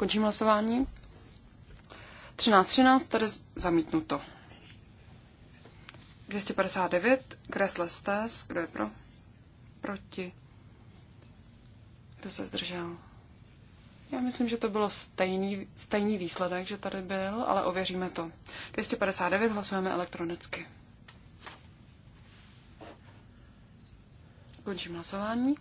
Končím hlasování. 13.13 13, tady zamítnuto. 259, Gressle Stes, kdo je pro? Proti. Kdo se zdržel? Já myslím, že to bylo stejný, stejný výsledek, že tady byl, ale ověříme to. 259 hlasujeme elektronicky. Končím hlasování.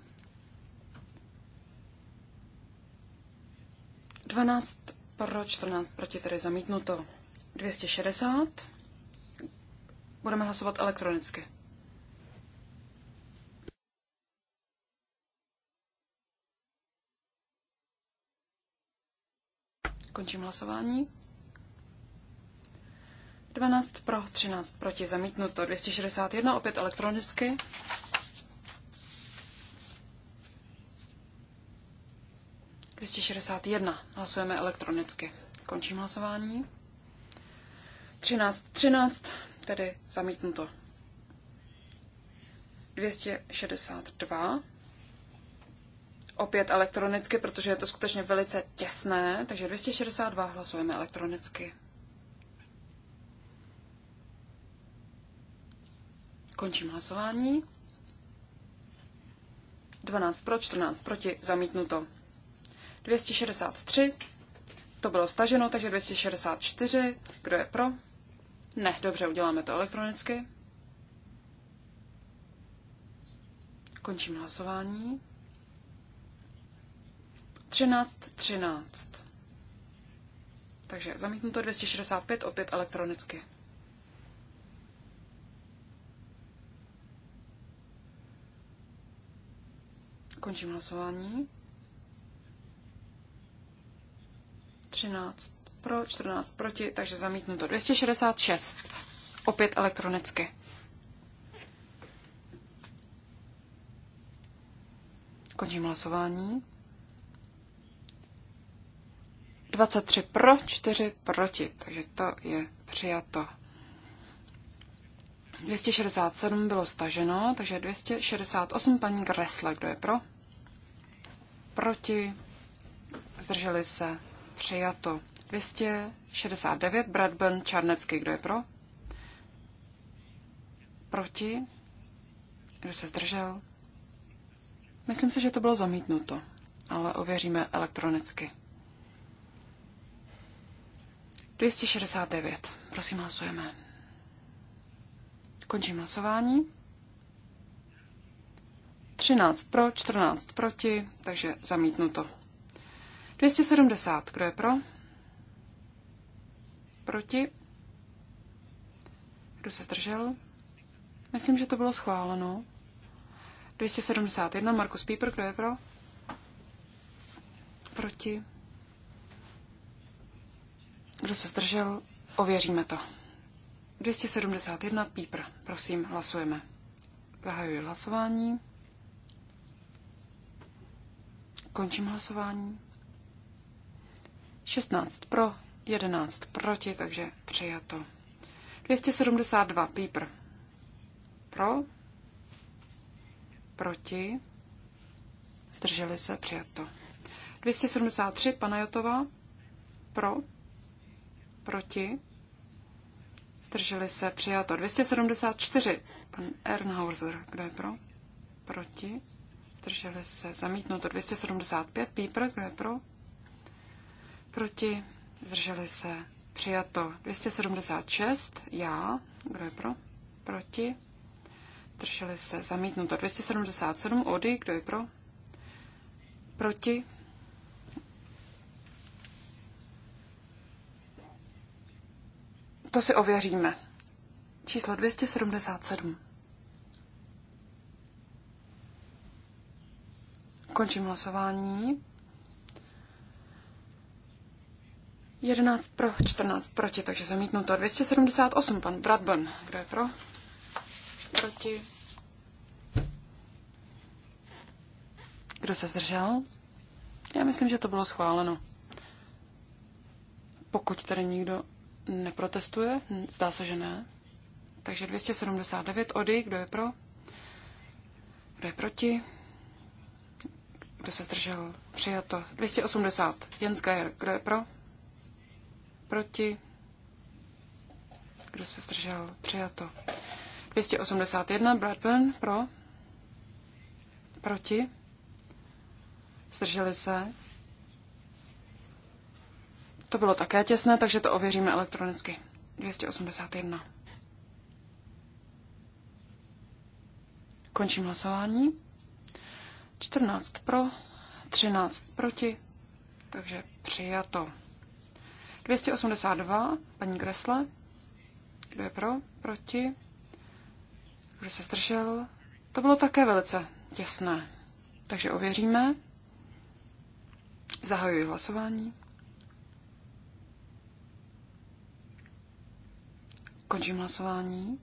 12 pro, 14 proti, tedy zamítnuto. 260. Budeme hlasovat elektronicky. Končím hlasování. 12 pro, 13 proti, zamítnuto. 261, opět elektronicky. 261. Hlasujeme elektronicky. Končím hlasování. 13, 13, tedy zamítnuto. 262. Opět elektronicky, protože je to skutečně velice těsné, takže 262 hlasujeme elektronicky. Končím hlasování. 12 pro, 14 proti, zamítnuto. 263, to bylo staženo, takže 264, kdo je pro? Ne, dobře, uděláme to elektronicky. Končím hlasování. 13, 13. Takže zamítnuto 265 opět elektronicky. Končím hlasování. 13 pro, 14 proti, takže zamítnuto 266. Opět elektronicky. Končím hlasování. 23 pro, 4 proti, takže to je přijato. 267 bylo staženo, takže 268 paní Gresle, kdo je pro? Proti, zdrželi se, Přijato. 269 Bradburn Čarnecký. Kdo je pro? Proti? Kdo se zdržel? Myslím si, že to bylo zamítnuto, ale ověříme elektronicky. 269. Prosím, hlasujeme. Končím hlasování. 13 pro, 14 proti, takže zamítnuto. 270. Kdo je pro? Proti? Kdo se zdržel? Myslím, že to bylo schváleno. 271. Markus Pieper. Kdo je pro? Proti? Kdo se zdržel? Ověříme to. 271. Pípr. Prosím, hlasujeme. Zahajuji hlasování. Končím hlasování. 16 pro, 11 proti, takže přijato. 272 pípr. Pro, proti, zdrželi se, přijato. 273 Panajotova. Pro, proti, zdrželi se, přijato. 274 pan Ernhauser. Kdo je pro? Proti, zdrželi se, zamítnuto. 275 Pípr. Kdo je pro? Proti? Zdrželi se. Přijato 276. Já. Kdo je pro? Proti? Zdrželi se. Zamítnuto 277. Ody. Kdo je pro? Proti? To si ověříme. Číslo 277. Končím hlasování. 11 pro, 14 proti, takže to. 278, pan Bradburn. Kdo je pro? Proti. Kdo se zdržel? Já myslím, že to bylo schváleno. Pokud tady nikdo neprotestuje, hm, zdá se, že ne. Takže 279 ody, kdo je pro? Kdo je proti? Kdo se zdržel? Přijato. 280. Jens Geier, kdo je pro? Proti? Kdo se zdržel? Přijato. 281 Bradburn pro? Proti? Zdrželi se? To bylo také těsné, takže to ověříme elektronicky. 281. Končím hlasování. 14 pro, 13 proti, takže přijato. 282, paní Gresle. Kdo je pro? Proti? Kdo se zdržel? To bylo také velice těsné. Takže ověříme. Zahajuji hlasování. Končím hlasování.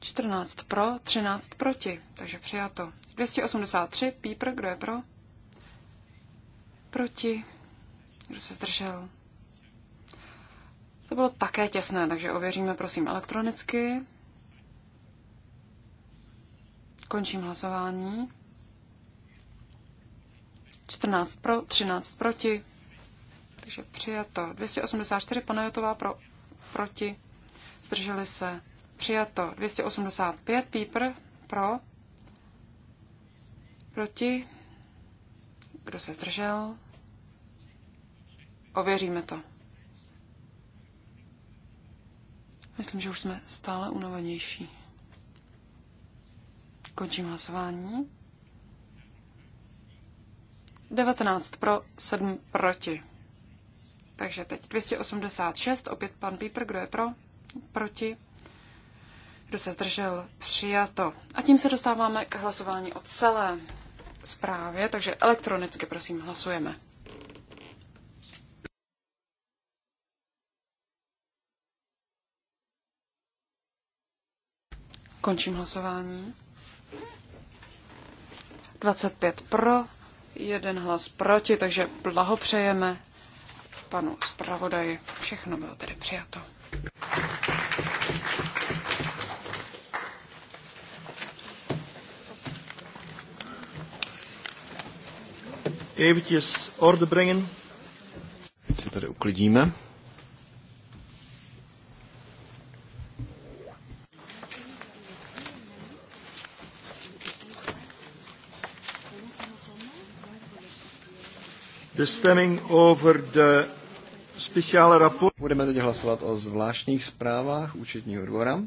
14 pro, 13 proti, takže přijato. 283, Pípr, kdo je pro? Proti, kdo se zdržel? To bylo také těsné, takže ověříme prosím elektronicky. Končím hlasování. 14 pro, 13 proti. Takže přijato. 284 Jotová pro, proti. Zdrželi se. Přijato. 285 Pípr pro. Proti. Kdo se zdržel? Ověříme to. Myslím, že už jsme stále unavenější. Končím hlasování. 19 pro, 7 proti. Takže teď 286, opět pan Píper, kdo je pro, proti, kdo se zdržel, přijato. A tím se dostáváme k hlasování o celé zprávě, takže elektronicky prosím hlasujeme. Končím hlasování. 25 pro, jeden hlas proti, takže blahopřejeme panu zpravodaji. Všechno bylo tedy přijato. Eventjes orde brengen. Teď se tady uklidíme. The stemming over the special rapport. Budeme teď hlasovat o zvláštních zprávách účetního dvora.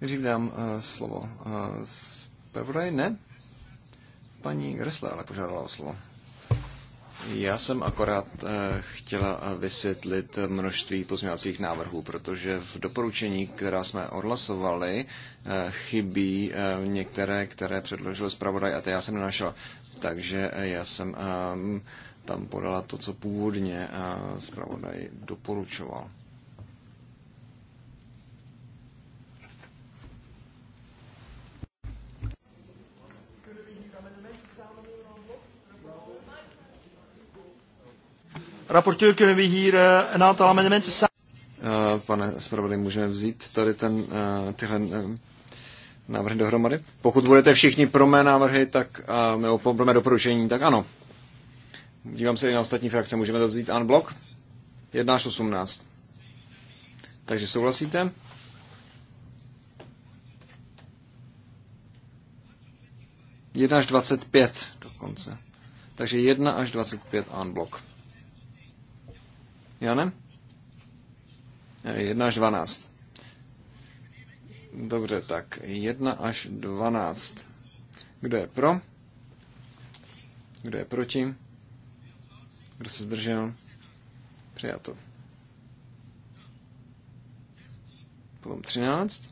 Nejdřív dám uh, slovo uh, zpravodaj, ne? Paní Gresla ale požádala o slovo. Já jsem akorát eh, chtěla eh, vysvětlit množství pozměňovacích návrhů, protože v doporučení, která jsme odhlasovali, eh, chybí některé, které předložil zpravodaj a ty já jsem nenašel. Takže já jsem ehm, tam podala to, co původně zpravodaj doporučoval. Rapporteur, kunnen we hier eh, een aantal amendementen samen... Eh, pane zpravodaj, můžeme vzít tady ten, uh, tyhle uh, návrhy dohromady? Pokud budete všichni pro mé návrhy, tak uh, mé, pro mé doporučení, tak ano. Dívám se i na ostatní frakce, můžeme to vzít unblock? 1 až 18. Takže souhlasíte? Jedna až 25 dokonce. Takže 1 až 25 unblock. Janem? 1 eh, až 12. Dobře, tak 1 až 12. Kdo je pro? Kdo je proti? Kdo se zdržel? Přijato. Potom 13.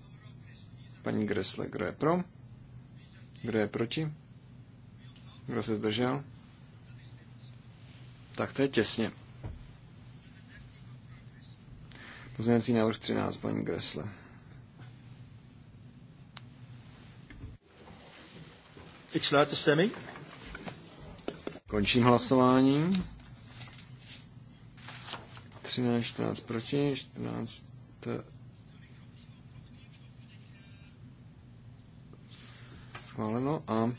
Paní Gresle, kdo je pro? Kdo je proti? Kdo se zdržel? Tak to je těsně. Pozměňovací návrh 13, paní Gresle. Ich schlage Stemming. Končím hlasování. 13, 14 proti, 14 schváleno a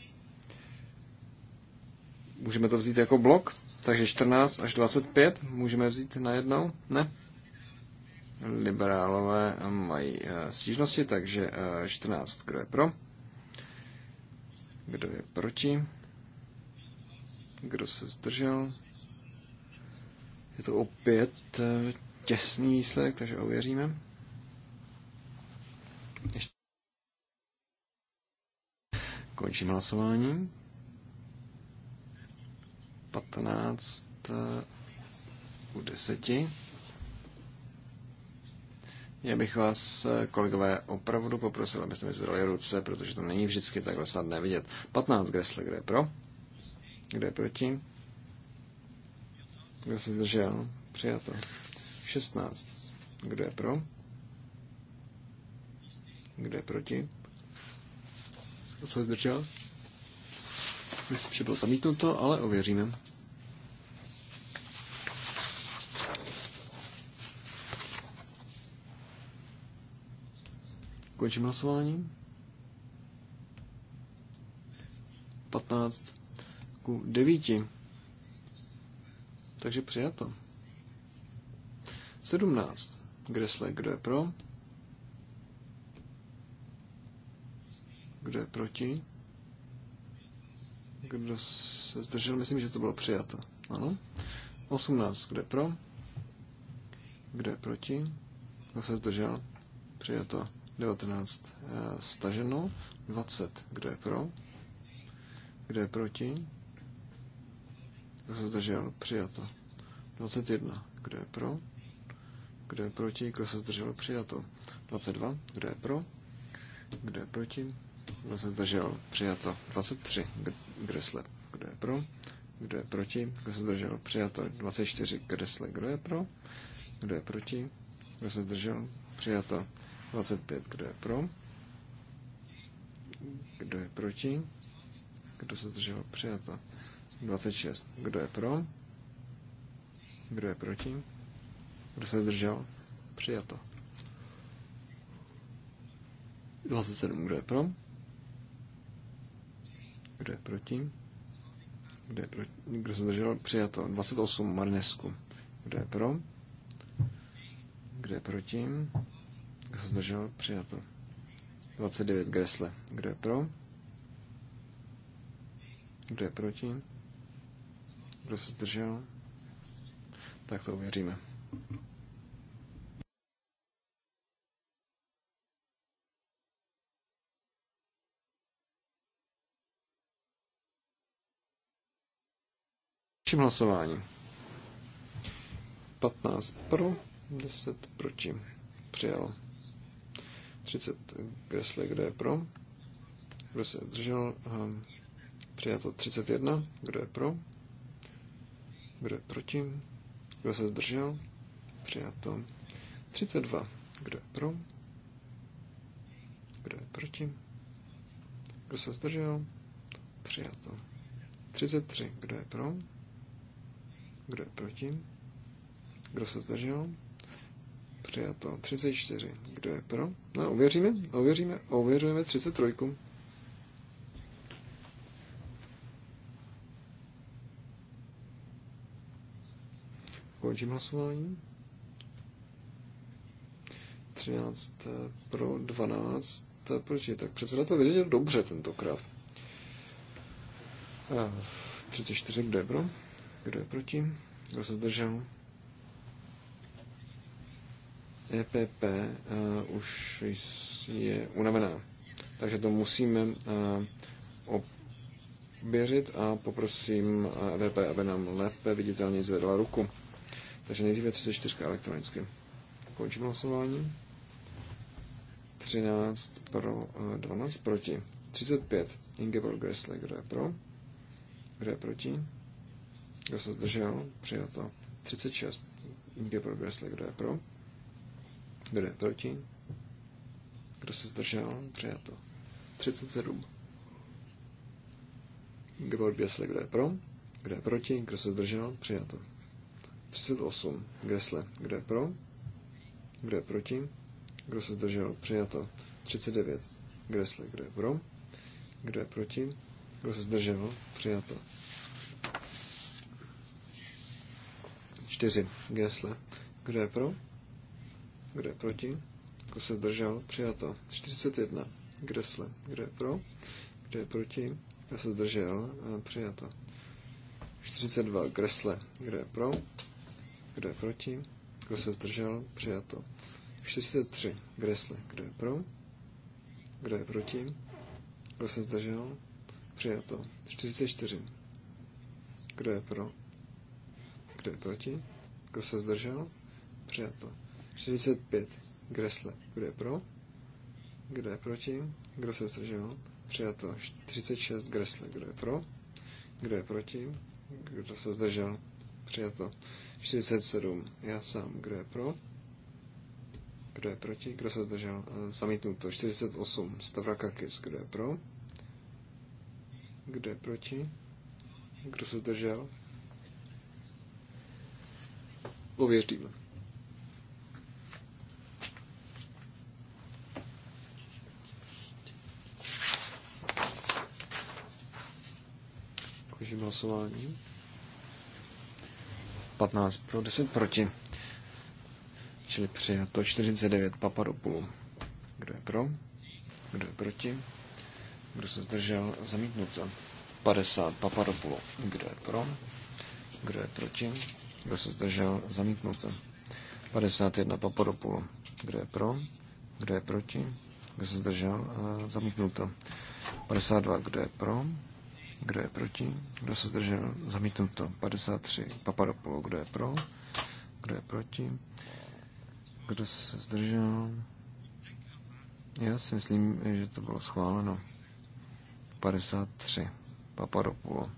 můžeme to vzít jako blok, takže 14 až 25 můžeme vzít najednou, ne? liberálové mají eh, stížnosti, takže 14. Eh, kdo je pro? Kdo je proti? Kdo se zdržel? Je to opět eh, těsný výsledek, takže ověříme. Ještě. Končím hlasování. 15 u 10. Já bych vás, kolegové, opravdu poprosil, abyste mi zvedali ruce, protože to není vždycky takhle snadné vidět. 15 Gressle, kdo je pro? Kdo je proti? Kdo se zdržel? Přijato. 16. Kdo je pro? Kdo je proti? Kdo se zdržel? Myslím, že bylo zamítnuto, ale ověříme. Končím hlasování. 15 ku 9. Takže přijato. 17. Gresle, kdo je pro? Kdo je proti? Kdo se zdržel? Myslím, že to bylo přijato. Ano. 18. Kdo je pro? Kdo je proti? Kdo se zdržel? Přijato. 19 eh, staženo, 20, kdo je pro, kdo je proti, kdo se zdržel, přijato. 21, kdo je pro, kdo je proti, kdo se zdržel, přijato. 22, kdo je pro, kdo je proti, kdo se zdržel, přijato. 23, kresle, kdo je pro, kdo je proti, kdo se zdržel, přijato. 24, kresle, kdo je pro, kdo je proti, kdo se zdržel, přijato. 25. Kdo je pro? Kdo je proti? Kdo se držel Přijato. 26. Kdo je pro? Kdo je proti? Kdo se držel Přijato. 27. Kdo je pro? Kdo je proti? Kdo, je proti? Kdo se držel Přijato. 28. Marnesku. Kdo je pro? Kdo je proti? Kdo se zdržel? Přijato. 29 Gresle. Kdo je pro? Kdo je proti? Kdo se zdržel? Tak to uvěříme. Čím hlasování? 15 pro, 10 proti. Přijalo. 30 kresle, kdo je pro, kdo se zdržel, ehm, přijato 31, kdo je pro, kdo je proti, kdo se zdržel, přijato 32, kdo je pro, kdo je proti, kdo se zdržel, přijato 33, kdo je pro, kdo je proti, kdo se zdržel, Přijato. 34. Kdo je pro? No, ověříme, ověříme, ověřujeme 33. Končím hlasování. 13 eh, pro 12 proč je tak předseda to vyřešil dobře tentokrát. 34, eh, kdo je pro? Kdo je proti? Kdo se zdržel? EPP uh, eh, už je unavená. Takže to musíme uh, oběřit a poprosím EPP, eh, e aby nám lépe viditelně zvedla ruku. Takže nejdříve 34 elektronicky. Končím hlasování. 13 pro, uh, 12 proti. 35. Ingeborg Gressle, kdo je pro? Kdo je proti? Kdo se zdržel? Přijato. 36. Ingeborg Gressle, kdo je pro? Kdo je proti? Kdo se zdržel? Přijato. 37. Kdo Gresle, kdo je pro? Kdo je proti? Kdo se zdržel? Přijato. 38. Gresle, kdo je pro? Kdo je proti? Kdo se zdržel? Přijato. 39. Gresle, kdo je pro? Kdo je proti? Kdo se zdržel? Přijato. 4. Gresle, kdo je pro? Kdo je proti? Kdo se zdržel? Přijato. 41. Gresle. Kdo je pro? Kdo je proti? Kdo se zdržel? Přijato. 42. Gresle. Kdo je pro? Kdo je proti? Kdo se zdržel? Přijato. 43. Gresle. Kdo je pro? Kdo je proti? Kdo se zdržel? Přijato. 44. Kdo je pro? Kdo je proti? Kdo se zdržel? Přijato. 65. Gresle. Kdo je pro? Kdo je proti? Kdo se zdržel? Přijato 36. Gresle. Kdo je pro? Kdo je proti? Kdo se zdržel? Přijato 47. Já sám. Kdo je pro? Kdo je proti? Kdo se zdržel? Eh, zamítnuto. 48. Stavrakakis. Kdo je pro? Kdo je proti? Kdo se zdržel? Ověříme. Končím hlasování. 15 pro, 10 proti. Čili přijato 49 Papadopoulou. Kdo je pro? Kdo je proti? Kdo se zdržel? Zamítnuto. 50 Papadopoulou. Kdo je pro? Kdo je proti? Kdo se zdržel? Zamítnuto. 51 Papadopoulou. Kdo je pro? Kdo je proti? Kdo se zdržel? Eh, zamítnuto. 52. Kdo je pro? Kdo je proti? Kdo se zdržel? Zamítnuto. 53. Papadopoulou. Kdo je pro? Kdo je proti? Kdo se zdržel? Já si myslím, že to bylo schváleno. 53. Papadopoulou.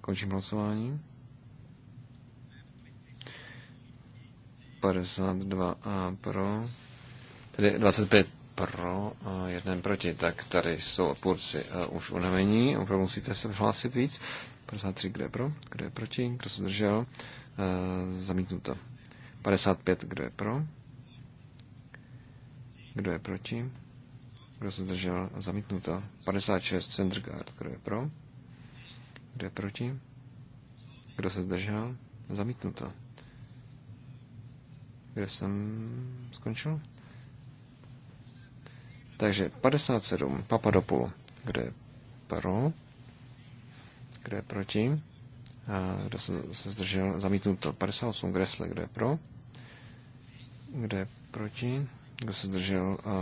Končím hlasování. 52 a pro. Tedy 25 pro a jeden proti. Tak tady jsou odpůrci uh, už unavení. Opravdu musíte se hlásit víc. 53, kdo je pro, kdo je proti, kdo se zdržel. Uh, zamítnuto. 55, kdo je pro, kdo je proti, kdo se zdržel. Zamítnuto. 56, Centergaard, kdo je pro, kdo je proti, kdo se zdržel. Zamítnuto. Kde jsem skončil? Takže 57, Papadopoulou. kde je pro? kde je proti? A kdo se, se zdržel? Zamítnuto. 58, Gressle. kde je pro? kde je proti? Kdo se zdržel? A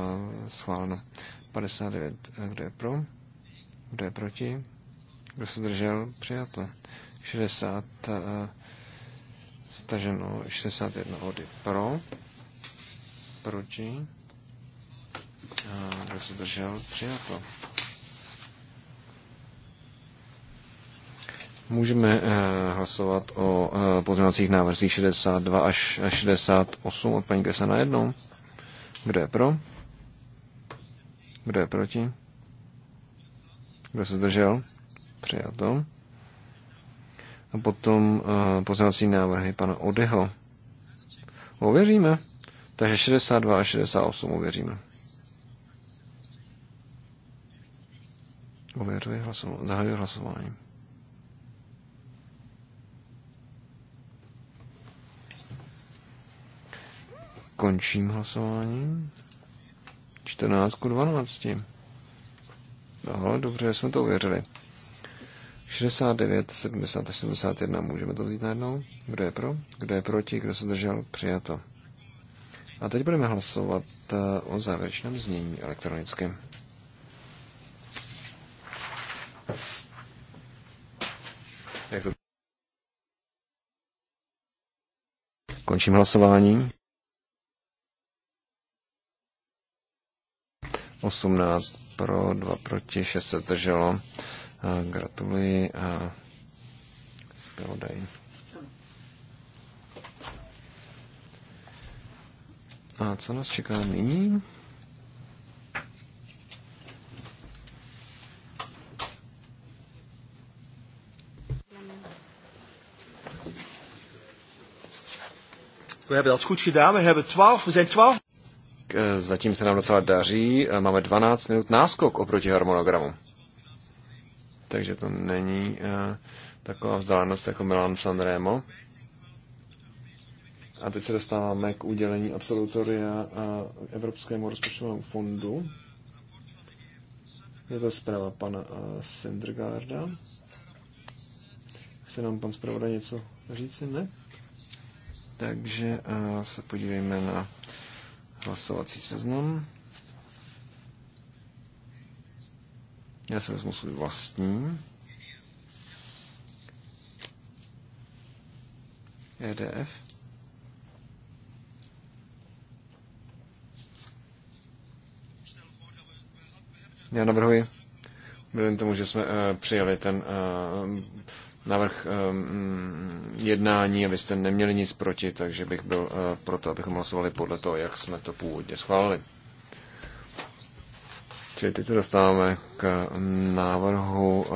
schváleno. 59, Kde je pro? kde je proti? Kdo se zdržel? Přijato. 60, staženo. 61 ody pro. Proti Eh, kdo se zdržel? Přijato. Můžeme eh, hlasovat o eh, pozměňovacích návrzích 62 až 68 od paní Kresa jednou. Kdo je pro? Kdo je proti? Kdo se zdržel? Přijato. A potom pozměňovací návrhy pana Odeho. Ověříme. Takže 62 a 68 ověříme. Ověřuji hlasování. Zahajuji hlasování. Končím hlasování. 14 k 12. Ale dobře, jsme to uvěřili. 69, 70 71. Můžeme to vzít najednou? Kdo je pro? Kdo je proti? Kdo se zdržel? Přijato. A teď budeme hlasovat eh, o závěrečném znění elektronickém. Končím hlasování. 18 pro, 2 proti, 6 se zdrželo. Gratuluji a zpravodaj. A co nás čeká nyní? We hebben dat goed gedaan. We hebben 12, we zijn 12. Zatím se nám docela daří. Eh, máme 12 minut náskok oproti harmonogramu. Takže to není eh, taková vzdálenost jako Milan Sanremo. A teď se dostáváme k udělení absolutoria eh, Evropskému rozpočtovému fondu. Je to zpráva pana Sindergarda. Chce nám pan zpravodaj něco říci? Ne? Takže eh, se podívejme na hlasovací seznam. Já se vezmu svůj vlastní. EDF. Já navrhuji, vzhledem tomu, že jsme uh, přijali ten uh, navrh ehm, mm, jednání abyste neměli nic proti, takže bych byl eh, proto, abychom hlasovali podle toho, jak jsme to původně schválili. Čili teď se dostáváme k návrhu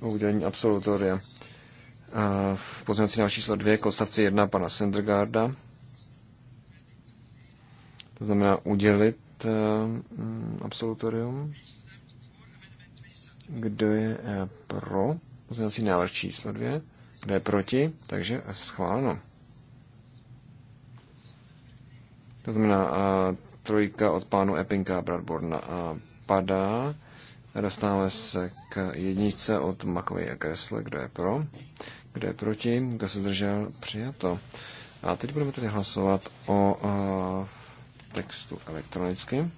uh, udělení absolutoria. Eh, v pozměnací na číslo dvě konstavci jedna, pana Sendergarda. To znamená udělit ehm, mm, absolutorium. Kdo je eh, pro pozměňovací návrh číslo 2? Kdo je proti? Takže schváleno. To znamená, a, eh, trojka od pánu Eppinka a Bradborna a eh, padá. Dostáváme se k jedničce od Makovej a Kresle. Kdo je pro? Kdo je proti? Kdo se zdržel? Přijato. A teď budeme tedy hlasovat o, a, textu elektronicky.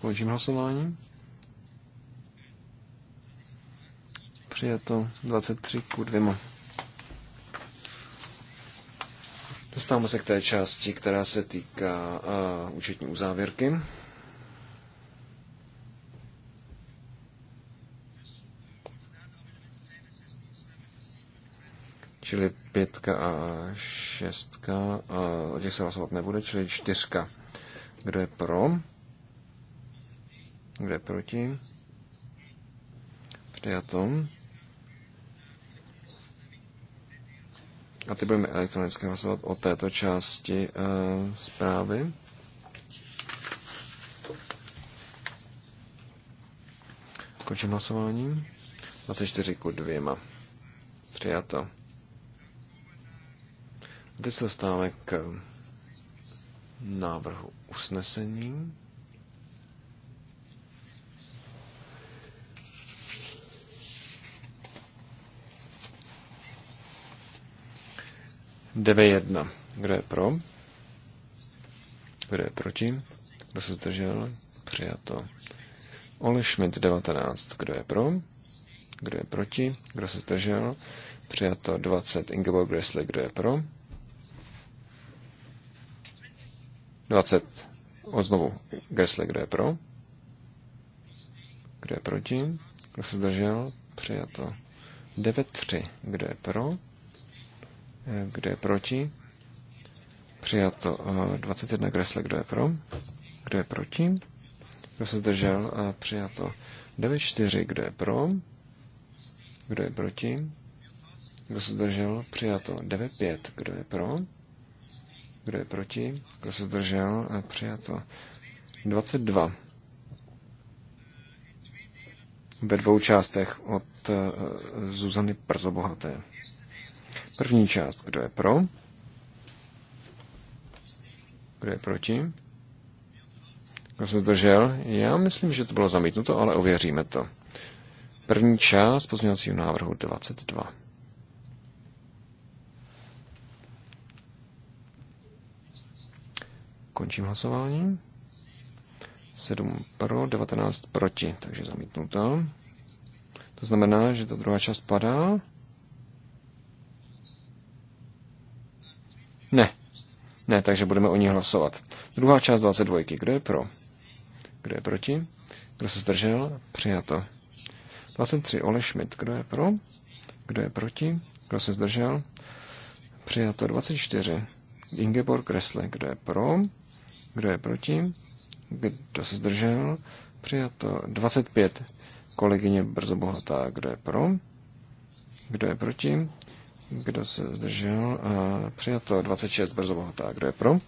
Končím hlasování. Přijeto 23 k 2. Dostáváme se k té části, která se týká uh, účetní uzávěrky. čili pětka a šestka, eh, o těch se hlasovat nebude, čili čtyřka. Kdo je pro? kde proti? Přijato. A ty budeme elektronicky hlasovat o této části uh, zprávy. Končím hlasování. 24 ku 2. Přijato. Teď se dostáváme k návrhu usnesení. 9.1. Kdo je pro? Kdo je proti? Kdo se zdržel? Přijato. Ole Schmidt 19. Kdo je pro? Kdo je proti? Kdo se zdržel? Přijato 20. Ingeborg Gressley. Kdo je pro? 20. Odznovu Gressley. Kdo je pro? Kdo je proti? Kdo se zdržel? Přijato. 9.3. Kdo je pro? Kdo je proti? Přijato 21 eh, Gresle. Eh, kdo je pro? Kdo je proti? Kdo se zdržel? Přijato 94. Kdo je pro? Kdo je proti? Kdo se zdržel? Eh, přijato to 95, Kdo je pro? Kdo je proti? Kdo se zdržel? Přijato 22. Ve dvou částech od Zuzany Przobohaté. První část, kdo je pro? Kdo je proti? Kdo se zdržel? Já myslím, že to bylo zamítnuto, ale ověříme to. První část pozměňovacího návrhu 22. Končím hlasování. 7 pro, 19 proti, takže zamítnuto. To znamená, že ta druhá část padá. Ne. Ne, takže budeme o ní hlasovat. Druhá část 22. Kdo je pro? Kdo je proti? Kdo se zdržel? Přijato. 23. Ole Schmidt. Kdo je pro? Kdo je proti? Kdo se zdržel? Přijato. 24. Ingeborg Kresle. Kdo je pro? Kdo je proti? Kdo se zdržel? Přijato. 25. Kolegyně Brzo Bohatá. Kdo je pro? Kdo je proti? Kdo se zdržel? Eh, přijato 26 brzo bohatá. Kdo je pro?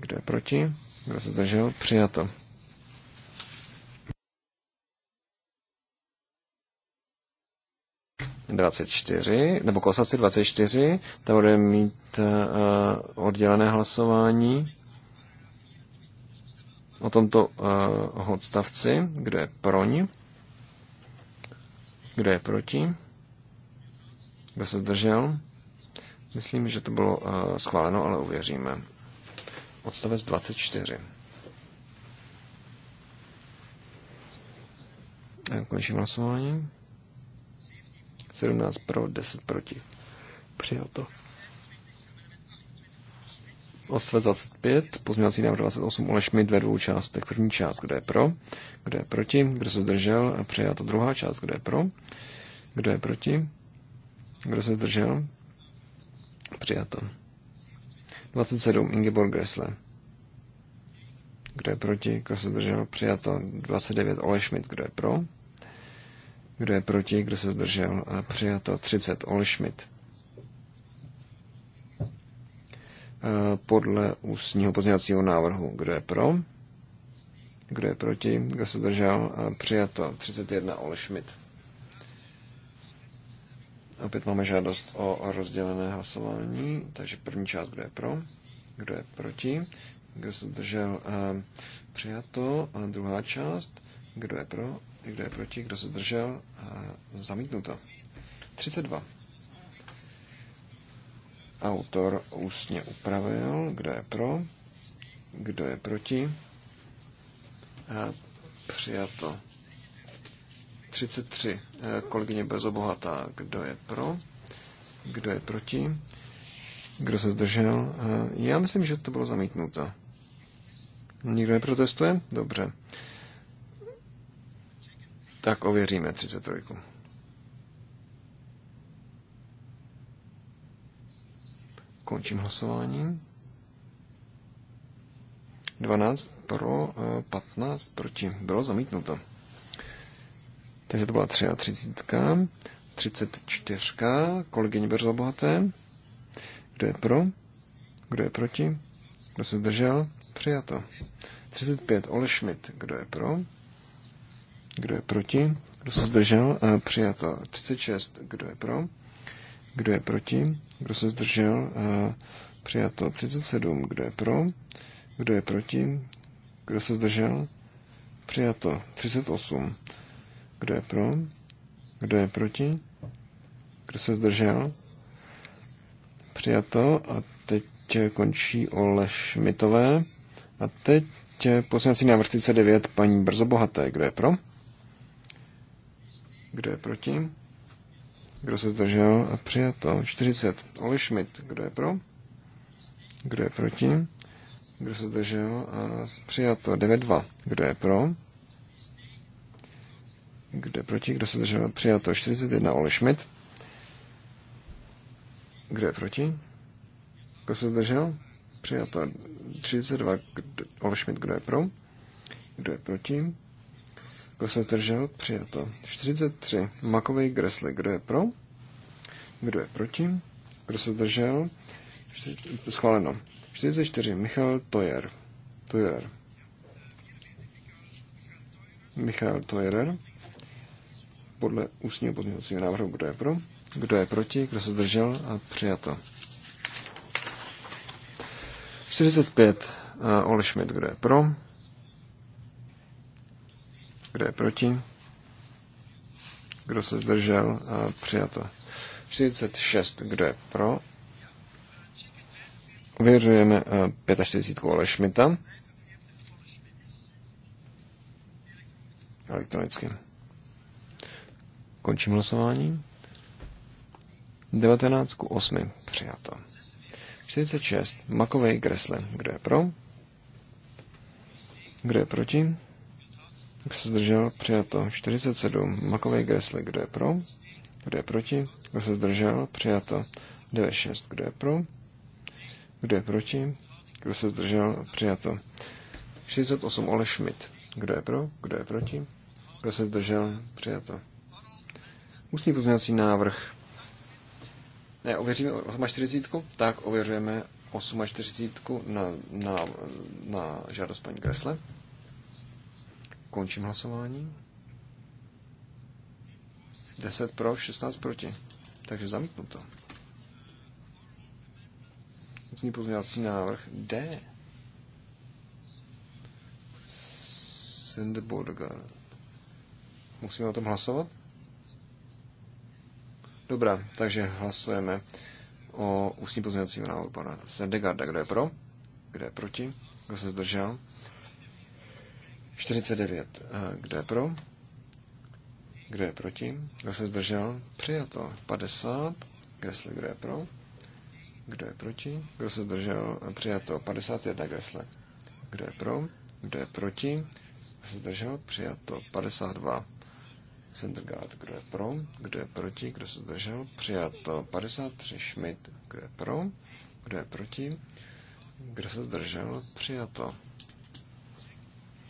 Kdo je proti? Kdo se zdržel? Přijato. Dvacet čtyři, nebo kosaci 24, ta bude mít uh, oddělené hlasování o tomto uh, odstavci, kdo je proň, kdo je proti. Kdo se zdržel? Myslím, že to bylo uh, schváleno, ale uvěříme. Odstavec 24. Eh, končím hlasování. 17 pro, 10 proti. to. Odstavec 25, pozměňovací návrh 28 Ole Schmidt ve dvou částech. První část, kde je pro, kde je proti, kdo se zdržel, to druhá část, kde je pro, kdo je proti, kdo se zdržel? Přijato. 27. Ingeborg Gressle. Kdo je proti? Kdo se zdržel? Přijato. 29. Ole Schmidt. Kdo je pro? Kdo je proti? Kdo se zdržel? Eh, přijato. 30. Ole Schmidt. Eh, podle ústního pozměňovacího návrhu. Kdo je pro? Kdo je proti? Kdo se zdržel? Eh, přijato. 31. Ole Schmidt. Opět máme žádost o rozdělené hlasování, takže první část, kdo je pro, kdo je proti, kdo se zdržel eh, přijato, a druhá část, kdo je pro, kdo je proti, kdo se zdržel eh, zamítnuto. 32. Autor ústně upravil, kdo je pro, kdo je proti, a eh, přijato. 33. Kolegyně Bezobohatá, kdo je pro? Kdo je proti? Kdo se zdržel? Eh, já myslím, že to bylo zamítnuto. Nikdo neprotestuje? Dobře. Tak ověříme 33. Končím hlasování. 12 pro, 15 eh, proti. Bylo zamítnuto. Takže to byla 33. 34. Kolegyně Berzo Bohaté. Kdo je pro? Kdo je proti? Kdo se zdržel? Přijato. 35. Ole Schmidt. Kdo je pro? Kdo je proti? Kdo se zdržel? Eh, přijato. 36. Eh, kdo je pro? Kdo je proti? Kdo se zdržel? Přijato. 37. Kdo je pro? Kdo je proti? Kdo se zdržel? Přijato. 38. Kdo je pro? Kdo je proti? Kdo se zdržel? Přijato a teď končí Ole Šmitové. A teď poslanecí návrh 39 paní Brzobohaté. Kdo je pro? Kdo je proti? Kdo se zdržel? A přijato. 40. Ole Schmidt. Kdo je pro? Kdo je proti? Kdo se zdržel? A přijato. 9.2. Kdo je pro? Kde proti? Kdo se zdržel? Přijato 41 Ole Schmidt. Kdo je proti? Kdo se zdržel? Přijato 32 Ole Schmidt. Kdo je pro? Kdo je proti? Kdo se zdržel? Přijato 43 Makovej Gresly. Kdo je pro? Kdo je proti? Kdo se zdržel? Schváleno. 44 Michal Toyer. Toyer. Michal Toyer podle ústního pozměňovacího návrhu. Kdo je pro? Kdo je proti? Kdo se zdržel? A přijato. 45. Eh, Ole Schmidt. Kdo je pro? Kdo je proti? Kdo se zdržel? A přijato. 46. Kdo je pro? Ověřujeme 45. Eh, Ole Schmidta. Elektronicky. Končím hlasování. 19 k 8 přijato. 46. Makovej kresle. Kdo je pro? Kdo je proti? Kdo se zdržel? Přijato. 47. Makovej kresle. Kdo je pro? Kdo je proti? Kdo se zdržel? Přijato. 96. Kdo je pro? Kdo je proti? Kdo se zdržel? Přijato. 68. Ole Schmidt. Kdo je pro? Kdo je proti? Kdo se zdržel? Přijato. Ústní pozměňovací návrh. Ne, ověříme 48, tak ověřujeme 48 na, na, na žádost paní Kresle. Končím hlasování. 10 pro, 16 proti. Takže zamítnuto. Ústní pozměňovací návrh D. Sindborgar. Musíme o tom hlasovat? Dobrá, takže hlasujeme o ústní pozměňovacím návrhu pana Sendegarda. Kdo je pro? Kdo je proti? Kdo se zdržel? 49. Eh, kdo je pro? Kdo je proti? Kdo se zdržel? Přijato. 50. Gresle, kdo je pro? Kdo je proti? Kdo se zdržel? Přijato. 51. Gresle. Kdo je pro? Kdo je proti? Kdo se zdržel? Přijato. 52. Sendergaard, kdo je pro, kdo je proti, kdo se zdržel, přijato 53 Schmidt, kdo je pro, kdo je proti, kdo se zdržel, přijato.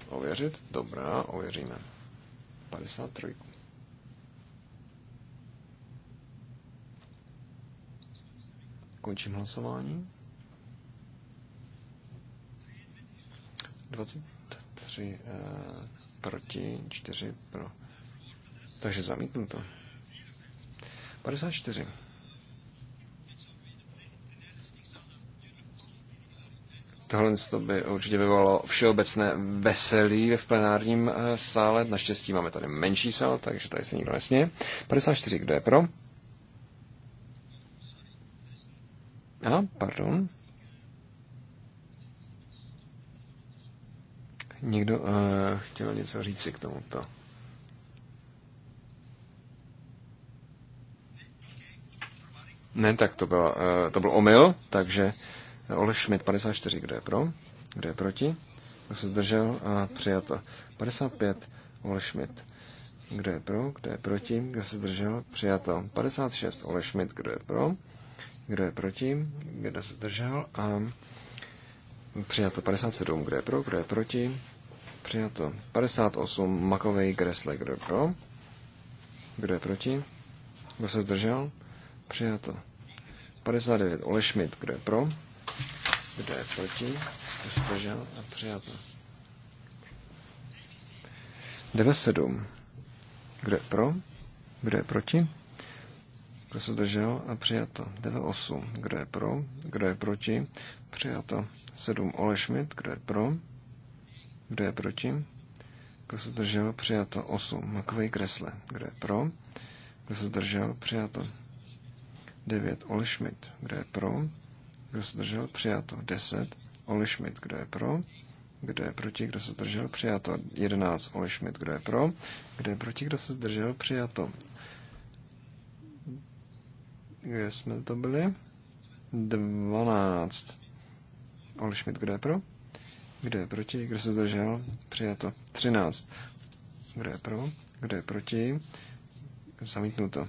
Ověřit? Dobrá, ověříme. 53. Končím hlasování. 23 eh, proti, 4 pro. Takže zamítnu to. 54. Tohle to by určitě vyvolalo všeobecné veselí v plenárním eh, sále. Naštěstí máme tady menší sál, takže tady se nikdo nesměje. 54. Kdo je pro? A, pardon. Někdo uh, chtěl něco říci k tomuto. Ne, tak to, byla, eh, to byl omyl, takže eh, Ole Schmidt 54, kdo je pro, kdo je proti, kdo se zdržel a přijato. 55, Ole Schmidt, kdo je pro, kdo je proti, kdo se zdržel, přijato. 56, Ole Schmidt, kdo je pro, kdo je proti, kdo se zdržel a přijato. 57, kdo je pro, kdo je proti, přijato. 58, Makovej, Gresle, kdo je pro, kdo je proti, kdo se zdržel, Přijato. 59. Ole Schmidt, kdo je pro? Kdo je proti? zdržel? A přijato. 97. Kdo je pro? Kdo je proti? Kdo se držel A přijato. 98. Kdo je pro? Kdo je proti? Přijato. 7. Ole Schmidt, kdo je pro? Kdo je proti? Kdo se držel? Přijato. 8. Makovej Kresle, kdo je pro? Kdo se držel? Přijato. 9. Olšmit, Kdo je pro? Kdo se držel? Přijato. 10. Olšmit, Kdo je pro? Kdo je proti? Kdo se zdržel? Přijato. 11. Olšmit, Kdo je pro? Kdo je proti? Kdo se zdržel? Přijato. Kde jsme to byli? 12. Olšmit, Kdo je pro? Kdo je proti? Kdo se zdržel? Přijato. 13. Kdo je pro? Kdo je proti? Zamítnuto.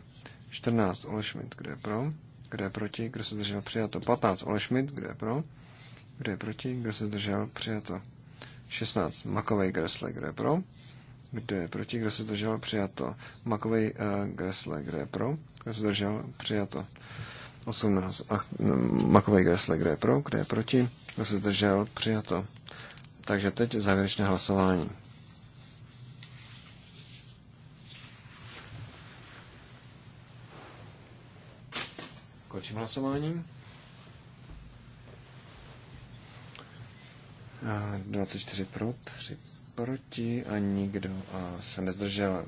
14 Ole Schmidt, kdo je pro, kdo je proti, kdo se zdržel přijato. 15 Ole Schmidt, kdo je pro, kdo je proti, kdo se zdržel přijato. 16 Makovej Gressle, kdo je pro, kdo je proti, kdo se zdržel přijato. Makovej uh, Gressle, kdo je pro, kdo se zdržel přijato. 18 Ach, mm, Makovej Gressle, kdo je pro, kdo je proti, kdo se zdržel přijato. Takže teď závěrečné hlasování. dalším hlasováním. 24 pro, 3 proti a nikdo se nezdržel.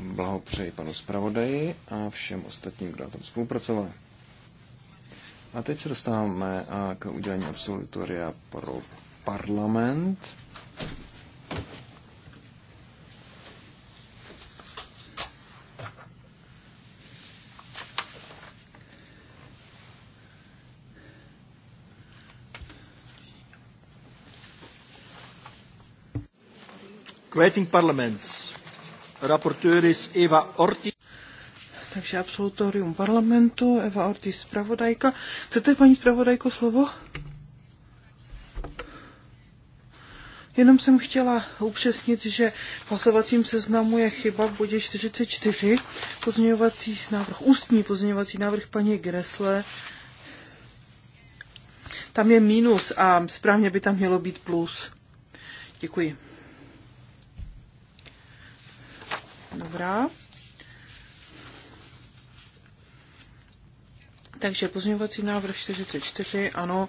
Blahopřeji panu zpravodaji a všem ostatním, kdo na tom spolupracovali. A teď se dostáváme k udělení absolutoria pro parlament. Kwijting parlement. Rapporteur is Eva Orti. Takže absolutorium parlamentu, Eva Orti, zpravodajka. Chcete, paní zpravodajko, slovo? Jenom jsem chtěla upřesnit, že v hlasovacím seznamu je chyba v bodě 44, pozměňovací návrh, ústní pozměňovací návrh paní Gresle. Tam je mínus a správně by tam mělo být plus. Děkuji. Dobrá. Takže pozměňovací návrh 44, ano,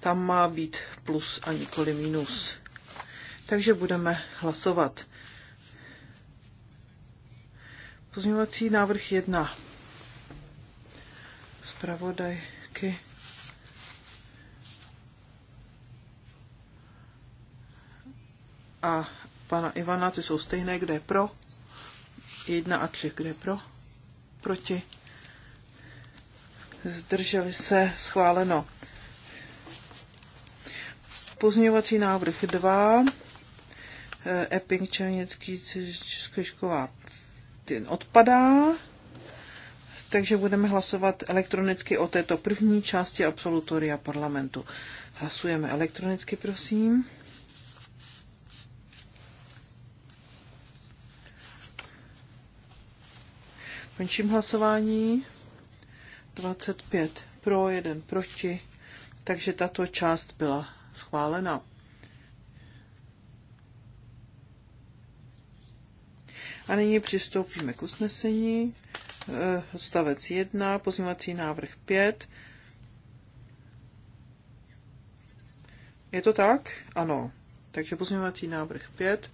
tam má být plus a nikoli minus. Takže budeme hlasovat. Pozměňovací návrh 1. Zpravodajky. A pana Ivana, ty jsou stejné, kde je pro, Jedna a tři, kde pro? Proti? Zdrželi se, schváleno. Pozměňovací návrh 2, eh, Epping Černický Českošková ten odpadá, takže budeme hlasovat elektronicky o této první části absolutoria parlamentu. Hlasujeme elektronicky, prosím. Končím hlasování. 25 pro, 1 proti, takže tato část byla schválena. A nyní přistoupíme k usnesení. Eh, Stavec 1, pozměňovací návrh 5. Je to tak? Ano. Takže pozměňovací návrh 5.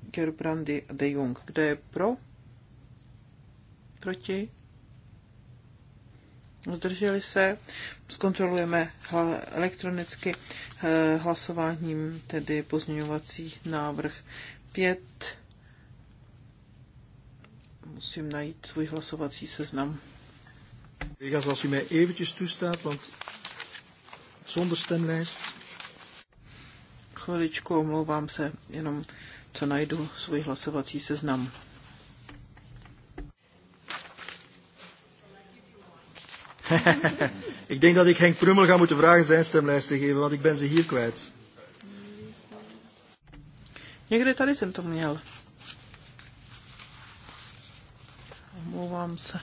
Gerbrandy de Jong. Kdo je pro? proti, zdrželi se, zkontrolujeme elektronicky eh, hlasováním, tedy pozměňovací návrh 5. Musím najít svůj hlasovací seznam. Collega's, als u eventjes toestaat, want zonder stemlijst. Chviličku, omlouvám se, jenom co najdu svůj hlasovací seznam. ik denk dat ik Henk Prummel ga moeten vragen zijn stemlijst te geven, want ik ben ze hier kwijt. Někde tady jsem to měl. Omlouvám se.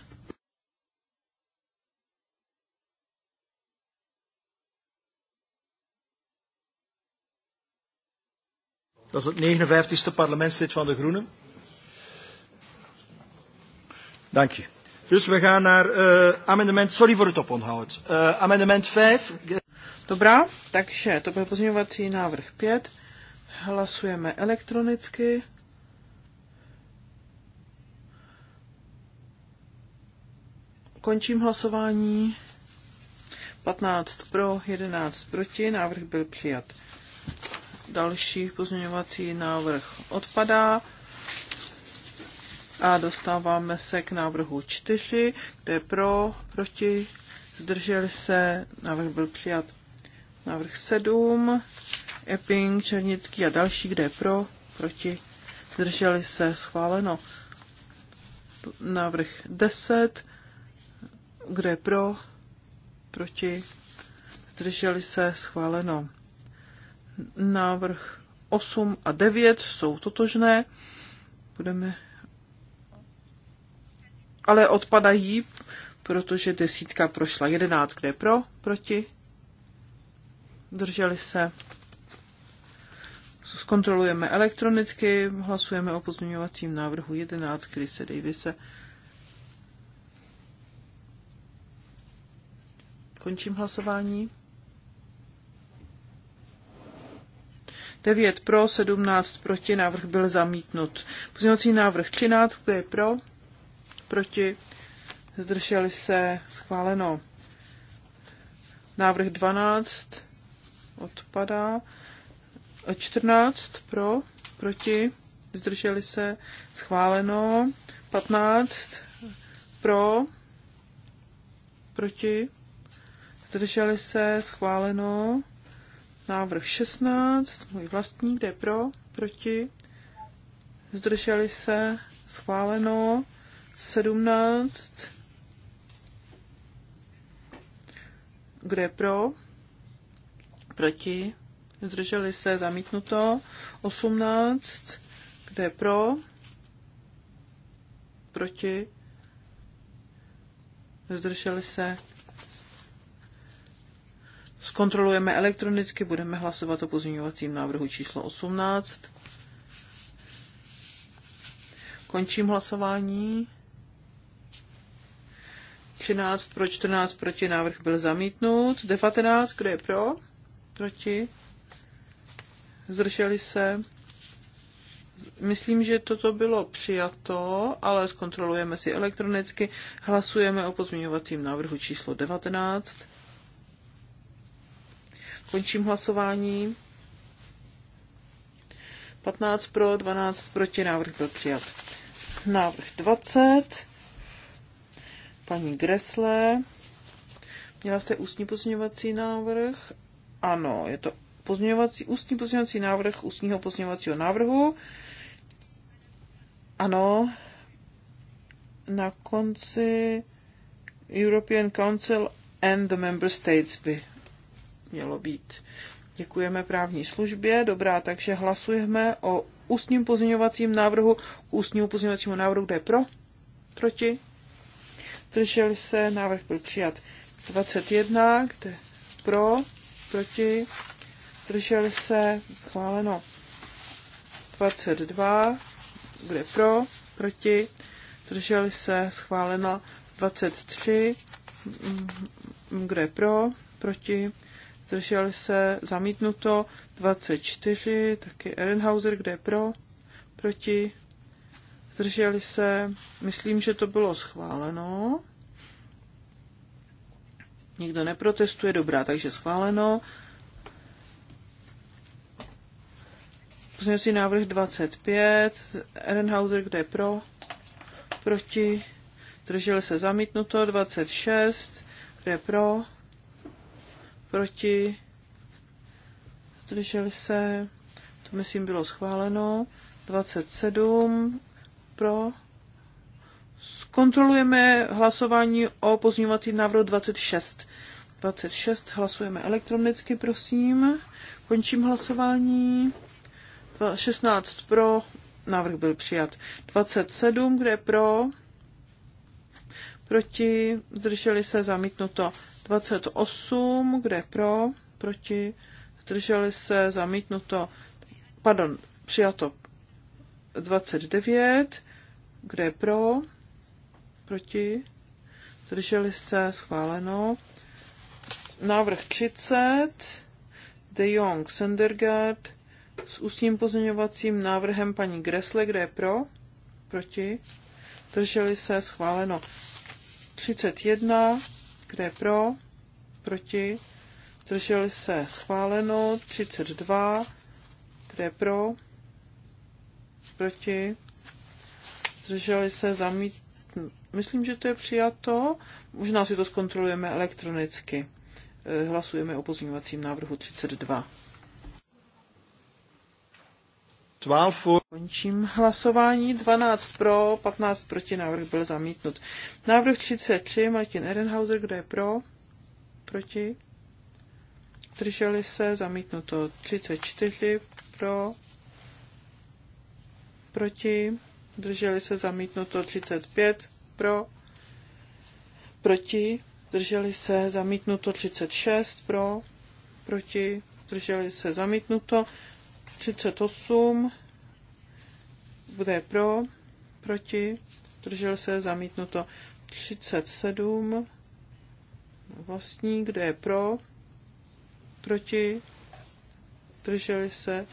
Dat is het 59 ste parlementslid van de Groenen. Dank je. Dus we gaan naar uh, amendement, sorry voor het oponthoud. Uh, amendement 5. Dobrá, takže to byl pozměňovací návrh 5. Hlasujeme elektronicky. Končím hlasování. 15 pro, 11 proti, návrh byl přijat. Další pozměňovací návrh odpadá. A dostáváme se k návrhu 4, kde je pro, proti, zdrželi se, návrh byl přijat. Návrh 7, Epping, Černický a další, kde je pro, proti, zdrželi se, schváleno. Návrh 10, kde je pro, proti, zdrželi se, schváleno. Návrh 8 a 9 jsou totožné. Budeme ale odpadají, protože desítka prošla. Jedenáct, kde je pro, proti, drželi se. Zkontrolujeme elektronicky, hlasujeme o pozměňovacím návrhu 11 Krise Davise. Končím hlasování. 9 pro, 17 proti, návrh byl zamítnut. Pozměňovací návrh 13, kdo je pro? proti, zdrželi se, schváleno. Návrh 12 odpadá. 14 pro, proti, zdrželi se, schváleno. 15 pro, proti, zdrželi se, schváleno. Návrh 16, můj vlastní, kde pro, proti, zdrželi se, schváleno. 17. Kdo je pro? Proti? Zdrželi se, zamítnuto. 18. Kdo je pro? Proti? Zdrželi se. Zkontrolujeme elektronicky, budeme hlasovat o pozměňovacím návrhu číslo 18. Končím hlasování. 13 pro, 14 proti, návrh byl zamítnut. 19, kdo je pro? Proti? Zdrželi se? Myslím, že toto bylo přijato, ale zkontrolujeme si elektronicky. Hlasujeme o pozměňovacím návrhu číslo 19. Končím hlasování. 15 pro, 12 proti, návrh byl přijat. Návrh 20 paní Gresle. Měla jste ústní pozměňovací návrh? Ano, je to pozměňovací, ústní pozměňovací návrh ústního pozměňovacího návrhu. Ano, na konci European Council and the Member States by mělo být. Děkujeme právní službě. Dobrá, takže hlasujeme o ústním pozměňovacím návrhu k ústnímu pozměňovacímu návrhu, kde je pro, proti, zdrželi se, návrh byl přijat. 21, kde pro, proti, zdrželi se, schváleno. 22, kde pro, proti, zdrželi se, schváleno. 23, mm, kde pro, proti, zdrželi se, zamítnuto. 24, taky Ehrenhauser, kde pro, proti, zdrželi se, myslím, že to bylo schváleno. Nikdo neprotestuje, dobrá, takže schváleno. Pozměňovací návrh 25, Erenhauser, kde je pro, proti, drželi se zamítnuto, 26, kde je pro, proti, zdrželi se, to myslím bylo schváleno, 27, pro. Zkontrolujeme hlasování o pozměňovacím návrhu 26. 26 hlasujeme elektronicky, prosím. Končím hlasování. 16 pro, návrh byl přijat. 27, kde pro, proti, zdrželi se zamítnuto. 28, kde pro, proti, zdrželi se zamítnuto. Pardon, přijato 29, kde je pro, proti, Drželi se, schváleno. Návrh 30, De Jong Sendergaard s ústním pozměňovacím návrhem paní Gresle, kde je pro, proti, Drželi se, schváleno. 31, kde je pro, proti, Drželi se, schváleno. 32, kde je pro, proti, zdrželi se zamít. Myslím, že to je přijato. Možná si to zkontrolujeme elektronicky. Eh, hlasujeme o pozměňovacím návrhu 32. 12 Končím hlasování. 12 pro, 15 proti. Návrh byl zamítnut. Návrh 33, Martin Ehrenhauser, kdo je pro? Proti? Drželi se, zamítnuto 34 pro, proti, drželi se zamítnuto 35 pro, proti, drželi se zamítnuto 36 pro, proti, drželi se zamítnuto 38 bude pro, proti, drželi se zamítnuto 37 vlastní, kdo je pro, proti, drželi se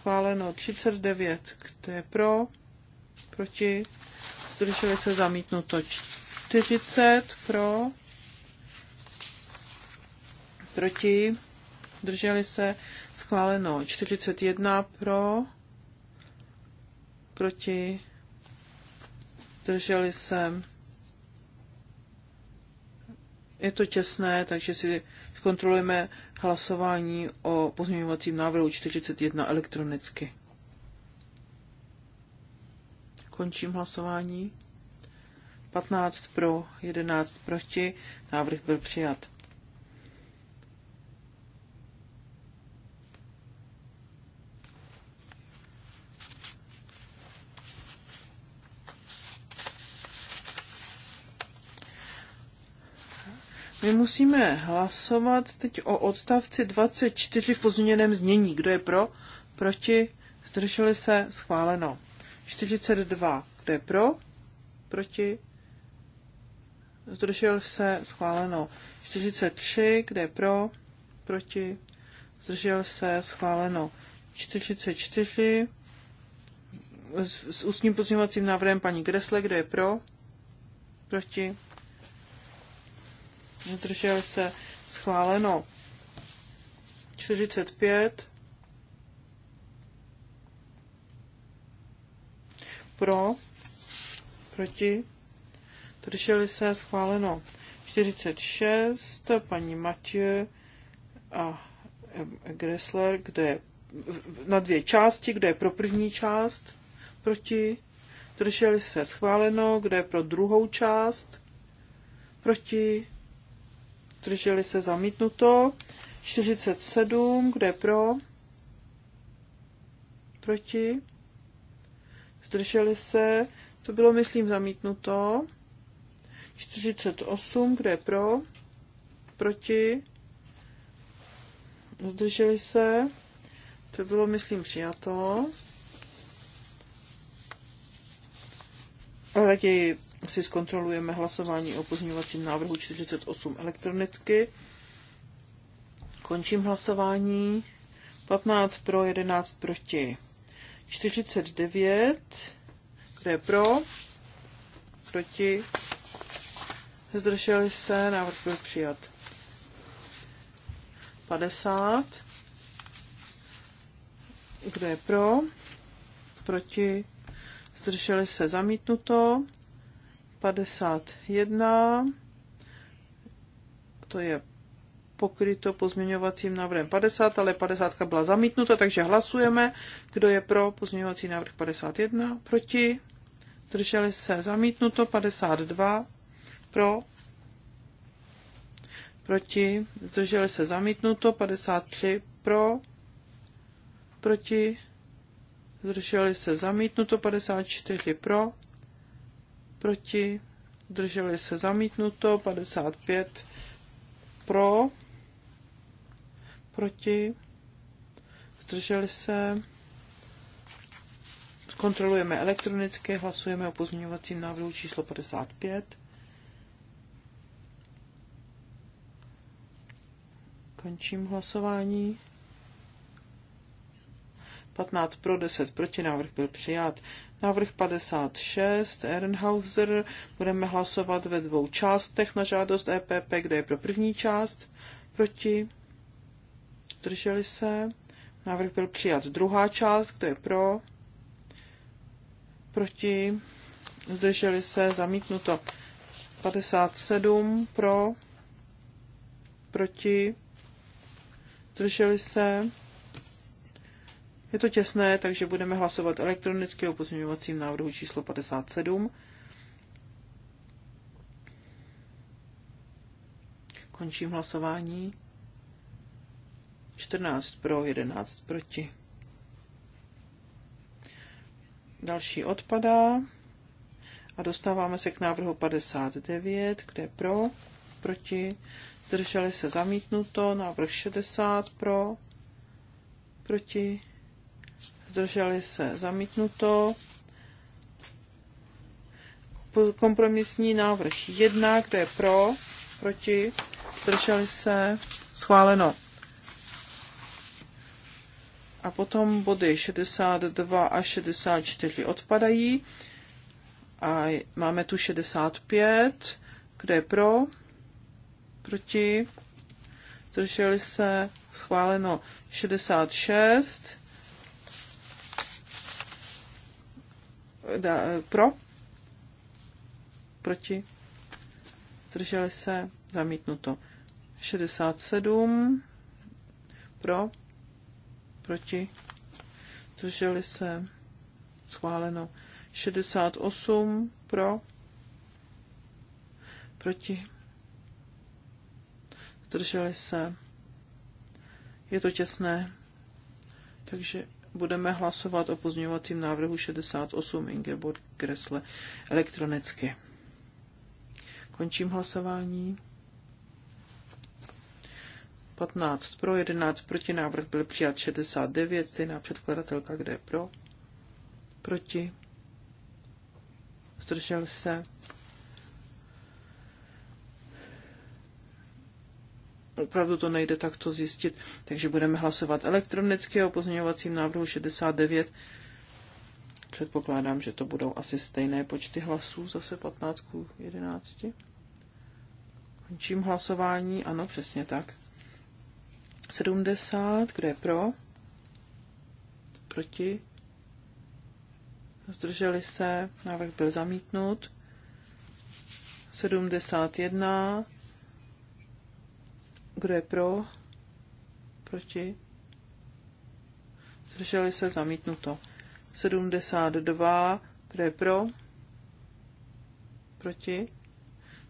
schváleno 39, kdo je pro, proti, zdrželi se zamítnuto 40, pro, proti, zdrželi se schváleno 41, pro, proti, zdrželi se je to těsné, takže si zkontrolujeme hlasování o pozměňovacím návrhu 41 elektronicky. Končím hlasování. 15 pro, 11 proti. Návrh byl přijat. My musíme hlasovat teď o odstavci 24 v pozměněném znění. Kdo je pro? Proti? Zdrželi se? Schváleno. 42. Kdo je pro? Proti? Zdržel se? Schváleno. 43. Kdo je pro? Proti? Zdržel se? Schváleno. 44. S, s ústním pozměňovacím návrhem paní Gresle. Kdo je pro? Proti? zdržel se, schváleno. 45 pro, proti, zdrželi se, schváleno. 46, paní Matě a Gressler, kde je na dvě části, kde je pro první část proti, drželi se schváleno, kde je pro druhou část proti, zdrželi se zamítnuto. 47, kde pro, proti, zdrželi se, to bylo, myslím, zamítnuto. 48, kde pro, proti, zdrželi se, to bylo, myslím, přijato. Raději si zkontrolujeme hlasování o pozměňovacím návrhu 48 elektronicky. Končím hlasování. 15 pro, 11 proti. 49. Kdo je pro? Proti? Zdrželi se, návrh byl přijat. 50. Kdo je pro? Proti? Zdrželi se, zamítnuto. 51. To je pokryto pozměňovacím návrhem 50, ale 50 byla zamítnuta, takže hlasujeme, kdo je pro pozměňovací návrh 51, proti, drželi se zamítnuto 52, pro, proti, drželi se zamítnuto 53, pro, proti, zdrželi se zamítnuto 54 pro, proti, drželi se zamítnuto, 55 pro, proti, zdrželi se, kontrolujeme elektronicky, hlasujeme o pozměňovacím návrhu číslo 55. Končím hlasování. 15 pro, 10 proti, návrh byl přijat. Návrh 56, Ehrenhauser, budeme hlasovat ve dvou částech na žádost EPP, kde je pro první část, proti, drželi se, návrh byl přijat. Druhá část, kde je pro, proti, zdrželi se, zamítnuto. 57 pro, proti, drželi se, je to těsné, takže budeme hlasovat elektronicky o pozměňovacím návrhu číslo 57. Končím hlasování. 14 pro, 11 proti. Další odpadá. A dostáváme se k návrhu 59, kde pro, proti, zdrželi se zamítnuto, návrh 60 pro, proti, zdrželi se zamítnuto. Kompromisní návrh 1, kde je pro, proti, zdrželi se schváleno. A potom body 62 a 64 odpadají. A máme tu 65, kde je pro, proti, zdrželi se schváleno 66 da, eh, pro, proti, zdrželi se, zamítnuto. 67 pro, proti, zdrželi se, schváleno. 68 pro, proti, zdrželi se. Je to těsné, takže budeme hlasovat o pozměňovacím návrhu 68 Ingeborg Kresle elektronicky. Končím hlasování. 15 pro, 11 proti, návrh byl přijat 69, stejná předkladatelka, kde je pro, proti, zdržel se, opravdu to nejde takto zjistit, takže budeme hlasovat elektronicky o pozměňovacím návrhu 69. Předpokládám, že to budou asi stejné počty hlasů, zase 15 k 11. Končím hlasování, ano, přesně tak. 70, kdo je pro? Proti? Zdrželi se, návrh byl zamítnut. 71, kdo je pro? Proti? Zdrželi se zamítnuto. 72. Kdo je pro? Proti?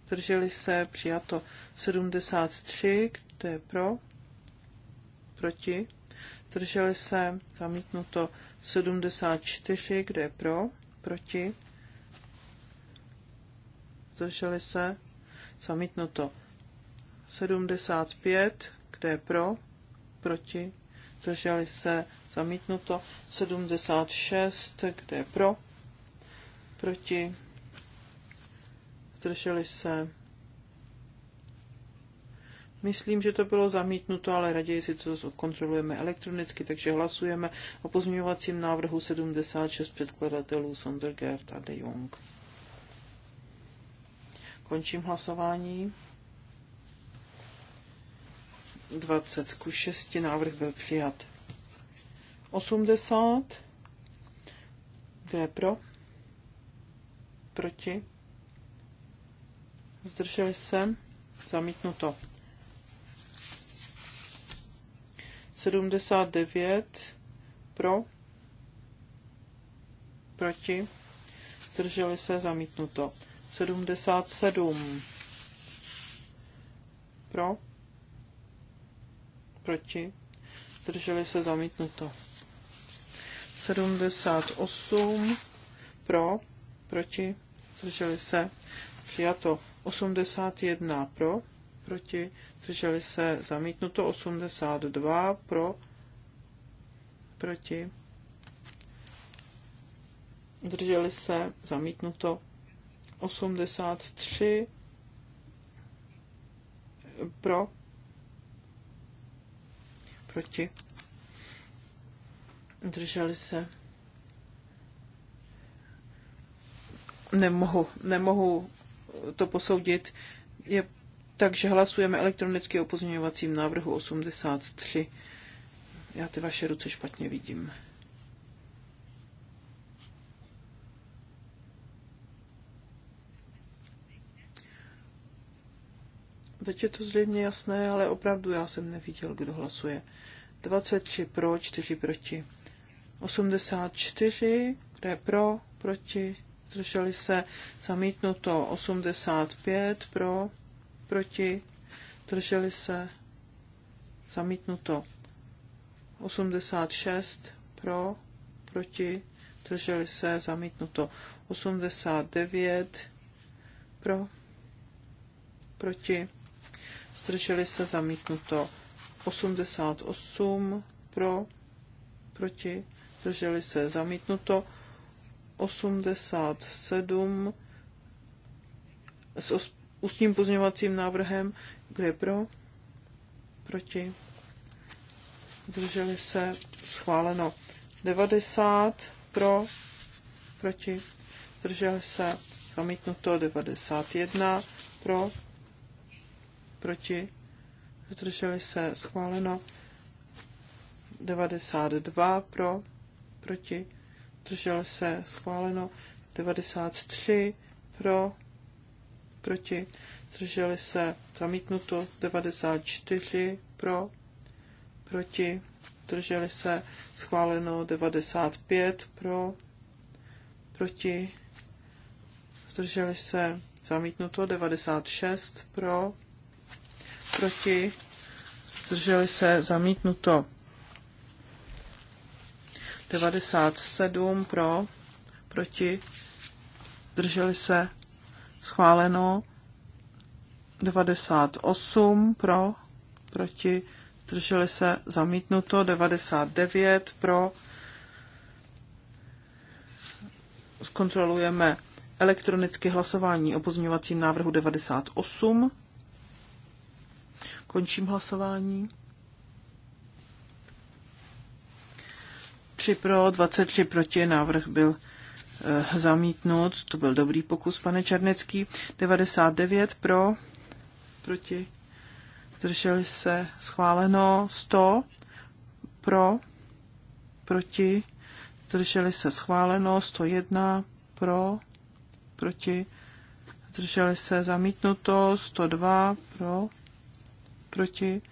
Zdrželi se přijato. 73. Kdo je pro? Proti? Zdrželi se zamítnuto. 74. Kdo je pro? Proti? Zdrželi se zamítnuto. 75, kde je pro, proti, drželi se, zamítnuto. 76, kde je pro, proti, zdrželi se. Myslím, že to bylo zamítnuto, ale raději si to kontrolujeme elektronicky, takže hlasujeme o pozměňovacím návrhu 76 předkladatelů Sondergaard a De Jong. Končím hlasování. 20 ku 6 návrh byl přijat. 80. Kdo je pro? Proti? Zdrželi se? Zamítnuto. 79 pro, proti, zdrželi se, zamítnuto. 77 pro, proti, zdrželi se zamítnuto. 78 pro, proti, zdrželi se přijato. 81 pro, proti, zdrželi se zamítnuto. 82 pro, proti, zdrželi se zamítnuto. 83 pro, proti, drželi se. Nemohu, nemohu to posoudit. Je, takže hlasujeme elektronicky o pozměňovacím návrhu 83. Já ty vaše ruce špatně vidím. Teď je to zřejmě jasné, ale opravdu já jsem neviděl, kdo hlasuje. 23 pro, 4 proti. 84, kdo je pro, proti, zdrželi se, zamítnuto 85 pro, proti, zdrželi se, zamítnuto 86 pro, proti, zdrželi se, zamítnuto 89 pro, proti, zdrželi se zamítnuto 88 pro, proti, zdrželi se zamítnuto 87 s ústním pozměňovacím návrhem, kde pro, proti, zdrželi se schváleno 90 pro, proti, zdrželi se zamítnuto 91 pro, proti, zdrželi se schváleno 92 pro, proti, zdrželi se schváleno 93 pro, proti, zdrželi se zamítnuto 94 pro, proti, zdrželi se schváleno 95 pro, proti, zdrželi se zamítnuto 96 pro, proti, zdrželi se, zamítnuto. 97 pro, proti, zdrželi se, schváleno. 98 pro, proti, zdrželi se, zamítnuto. 99 pro, zkontrolujeme elektronicky hlasování o pozměňovacím návrhu 98. Končím hlasování. 3 pro, 23 proti, návrh byl e, zamítnut. To byl dobrý pokus, pane Černecký. 99 pro, proti, zdrželi se, schváleno 100 pro, proti, zdrželi se, schváleno 101 pro, proti, zdrželi se, zamítnuto 102 pro, proti,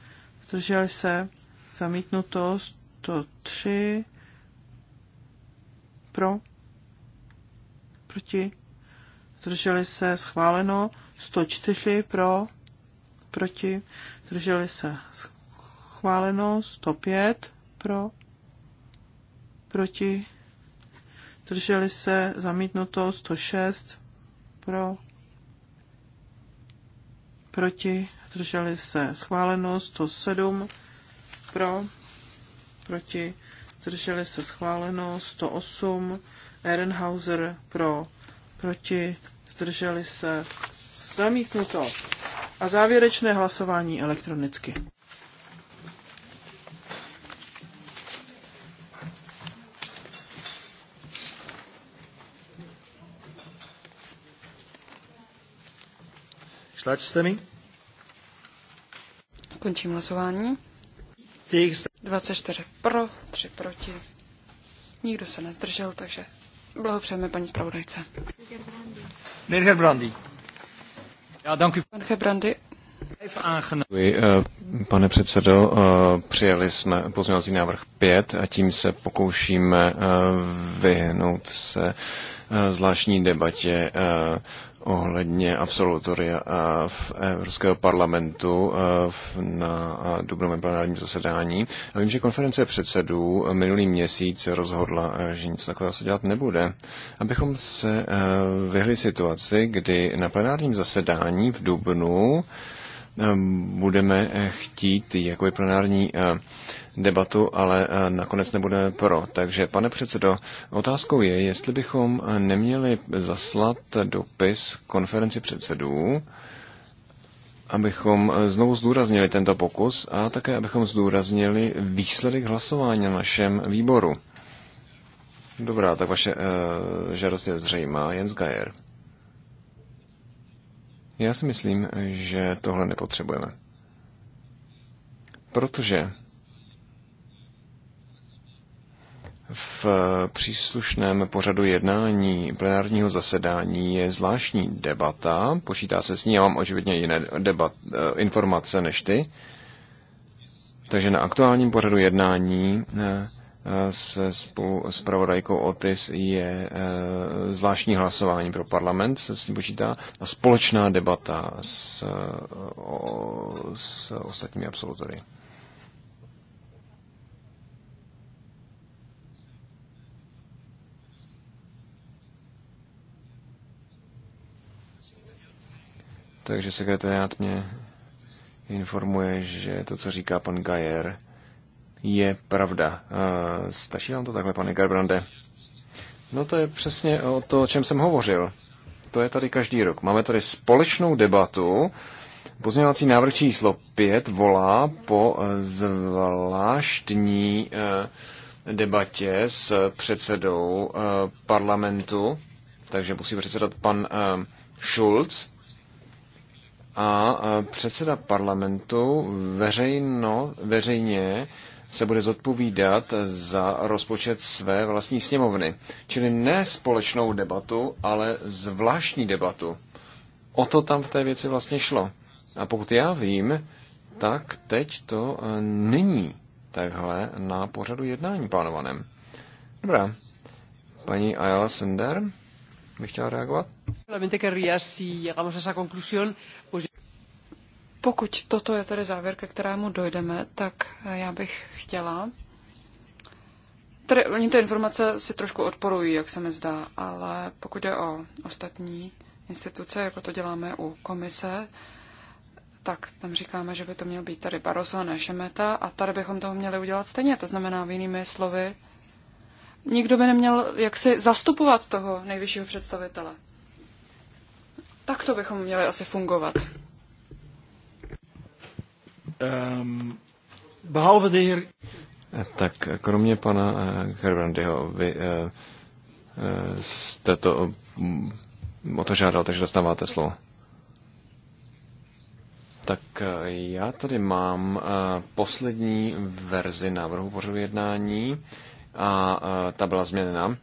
zdrželi se, zamítnuto 103, pro, proti, zdrželi se, schváleno 104, pro, proti, zdrželi se, schváleno 105, pro, proti, zdrželi se, zamítnuto 106, pro, proti, zdrželi se schváleno, 107 pro, proti, zdrželi se schváleno, 108 Ehrenhauser pro, proti, zdrželi se zamítnuto. A závěrečné hlasování elektronicky. Sluitstemming. Končím hlasování. 24 pro, 3 proti. Nikdo se nezdržel, takže blahopřejeme paní zpravodajce. Meneer Gerbrandy. Ja, dank u. Pan Gerbrandy. Eh, pane předsedo, eh, přijali jsme pozměňovací návrh 5 a tím se pokoušíme eh, vyhnout se zvláštní debatě ohledně absolutoria eh, v Evropského parlamentu eh, na eh, dubnovém plenárním zasedání. A vím, že konference předsedů minulý měsíc rozhodla, že nic takového se dělat nebude. Abychom se vyhli situaci, kdy na plenárním zasedání v dubnu Ehm, budeme eh, chtít jako plenární eh, debatu, ale eh, nakonec nebudeme pro. Takže, pane předsedo, otázkou je, jestli bychom neměli zaslat dopis konferenci předsedů, abychom znovu zdůraznili tento pokus a také abychom zdůraznili výsledek hlasování na našem výboru. Dobrá, tak vaše uh, žádost je zřejmá. Jens Geier. Já si myslím, že tohle nepotřebujeme. Protože v příslušném pořadu jednání plenárního zasedání je zvláštní debata. Počítá se s ní, já mám očividně jiné debat, eh, informace než ty. Takže na aktuálním pořadu jednání eh, se spolu s pravodajkou Otis je e, zvláštní hlasování pro parlament, se s tím počítá, a společná debata s, e, o, s ostatními absolutory. Takže sekretariát mě informuje, že to, co říká pan Gajer, je pravda. Eh, stačí vám to takhle, pane Garbrande? No to je přesně o to, o čem jsem hovořil. To je tady každý rok. Máme tady společnou debatu. Pozměňovací návrh číslo 5 volá po eh, zvláštní eh, debatě s předsedou parlamentu, takže musí předsedat pan Schulz. A předseda parlamentu veřejno, veřejně se bude zodpovídat za rozpočet své vlastní sněmovny. Čili ne společnou debatu, ale zvláštní debatu. O to tam v té věci vlastně šlo. A pokud já vím, tak teď to eh, není takhle na pořadu jednání plánovaném. Dobrá. Paní Ayala Sender bych chtěla reagovat. Pokud toto je tedy závěr, ke kterému dojdeme, tak já bych chtěla. Tady oni ty informace si trošku odporují, jak se mi zdá, ale pokud je o ostatní instituce, jako to děláme u komise, tak tam říkáme, že by to měl být tady Barroso a ne Šemeta a tady bychom toho měli udělat stejně. To znamená, v jinými slovy, nikdo by neměl jaksi zastupovat toho nejvyššího představitele. Tak to bychom měli asi fungovat. Um, behalve de heer... Eh, tak kromě pana eh, Gerbrandyho, vy uh, jste to mm, o to žádal, takže dostáváte slovo. Tak já tady mám poslední verzi návrhu pořadu jednání a ta byla změněna.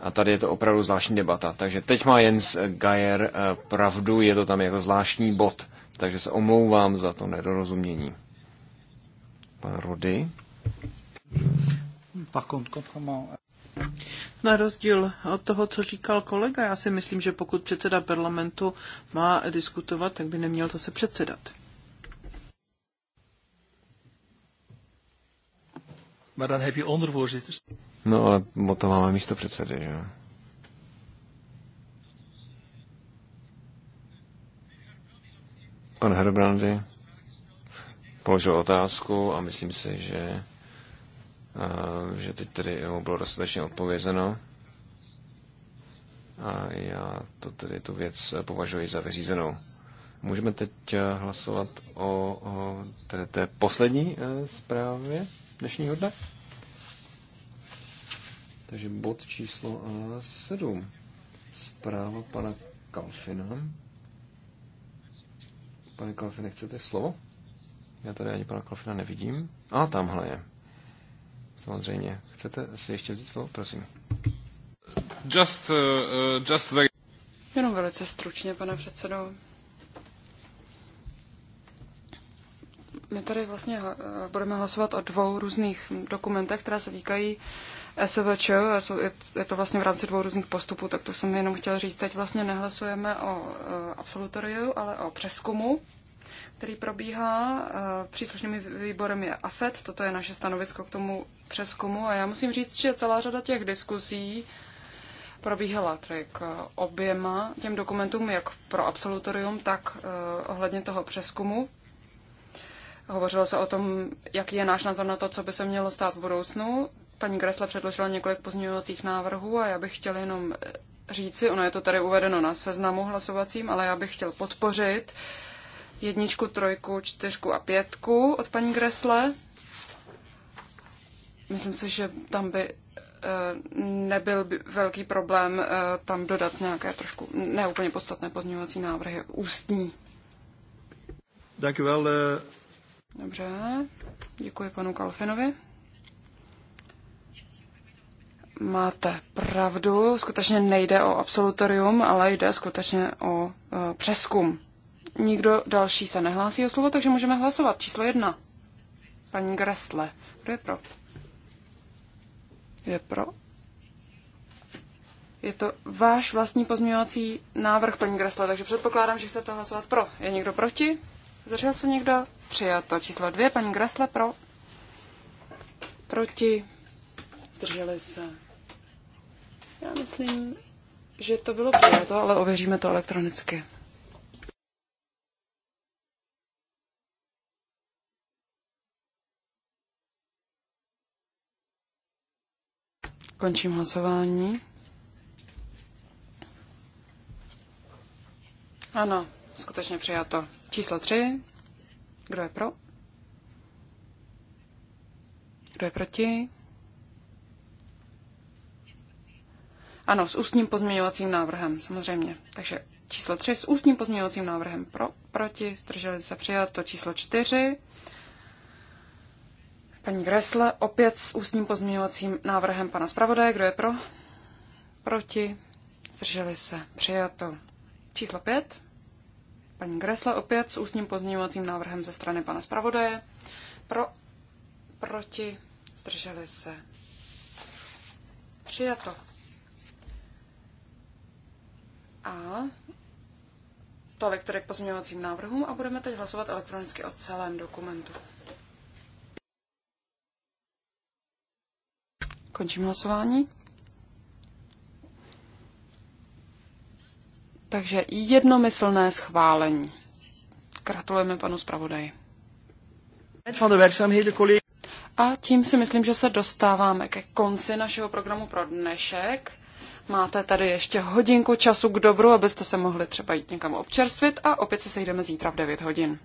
A tady je to opravdu zvláštní debata. Takže teď má Jens Geier pravdu, je to tam jako zvláštní bod. Takže se omlouvám za to nedorozumění. Pan Rody. Na rozdíl od toho, co říkal kolega, já si myslím, že pokud předseda parlamentu má diskutovat, tak by neměl zase předsedat. No ale to máme místo předsedy, jo. Pan Herbrandy položil otázku a myslím si, že, že teď tedy mu bylo dostatečně odpovězeno. A já to tedy tu věc považuji za vyřízenou. Můžeme teď hlasovat o, o tedy té poslední zprávě dnešního dne. Takže bod číslo 7. Zpráva pana Kalfina. Pane Kalfine, chcete slovo? Já tady ani pana Kalfina nevidím. A tamhle je. Samozřejmě. Chcete si ještě vzít slovo? Prosím. Just, uh, uh just very... Jenom velice stručně, pane předsedo. My tady vlastně eh, budeme hlasovat o dvou různých dokumentech, které se týkají SVČ, je to vlastně v rámci dvou různých postupů, tak to jsem jenom chtěla říct. Teď vlastně nehlasujeme o eh, absolutoriu, ale o přeskumu který probíhá. Eh, Příslušným výborem je AFET, toto je naše stanovisko k tomu přeskumu a já musím říct, že celá řada těch diskusí probíhala tedy k eh, oběma těm dokumentům, jak pro absolutorium, tak ohledně toho přeskumu. Hovořilo se o tom, jaký je náš názor na to, co by se mělo stát v budoucnu. Paní Gresla předložila několik pozměňovacích návrhů a já bych chtěl jenom říci, ono je to tady uvedeno na seznamu hlasovacím, ale já bych chtěl podpořit jedničku, trojku, čtyřku a pětku od paní Gresle. Myslím si, že tam by eh, nebyl by velký problém eh, tam dodat nějaké trošku neúplně podstatné pozměňovací návrhy ústní. Děkuji. Eh. Dobře, děkuji panu Kalfinovi máte pravdu, skutečně nejde o absolutorium, ale jde skutečně o e, přeskum. Nikdo další se nehlásí o slovo, takže můžeme hlasovat. Číslo jedna. Paní Gresle. Kdo je pro? Je pro? Je to váš vlastní pozměňovací návrh, paní Gresle, takže předpokládám, že chcete hlasovat pro. Je někdo proti? Zdržel se někdo? Přijato. Číslo dvě, paní Gresle, pro? Proti? Zdrželi se já myslím, že to bylo přijato, ale ověříme to elektronicky. Končím hlasování. Ano, skutečně přijato. Číslo 3. Kdo je pro? Kdo je proti? Ano, s ústním pozměňovacím návrhem, samozřejmě. Takže číslo 3 s ústním pozměňovacím návrhem pro, proti, zdrželi se přijato. Číslo 4, paní Gresle, opět s ústním pozměňovacím návrhem pana zpravodaje. Kdo je pro? Proti, zdrželi se přijato. Číslo 5, paní Gresle, opět s ústním pozměňovacím návrhem ze strany pana zpravodaje. Pro, proti, zdrželi se přijato. A tolik tedy k pozměňovacím návrhům a budeme teď hlasovat elektronicky o celém dokumentu. Končím hlasování. Takže jednomyslné schválení. Gratulujeme panu zpravodaji. A tím si myslím, že se dostáváme ke konci našeho programu pro dnešek. Máte tady ještě hodinku času k dobru, abyste se mohli třeba jít někam občerstvit a opět se sejdeme zítra v 9 hodin.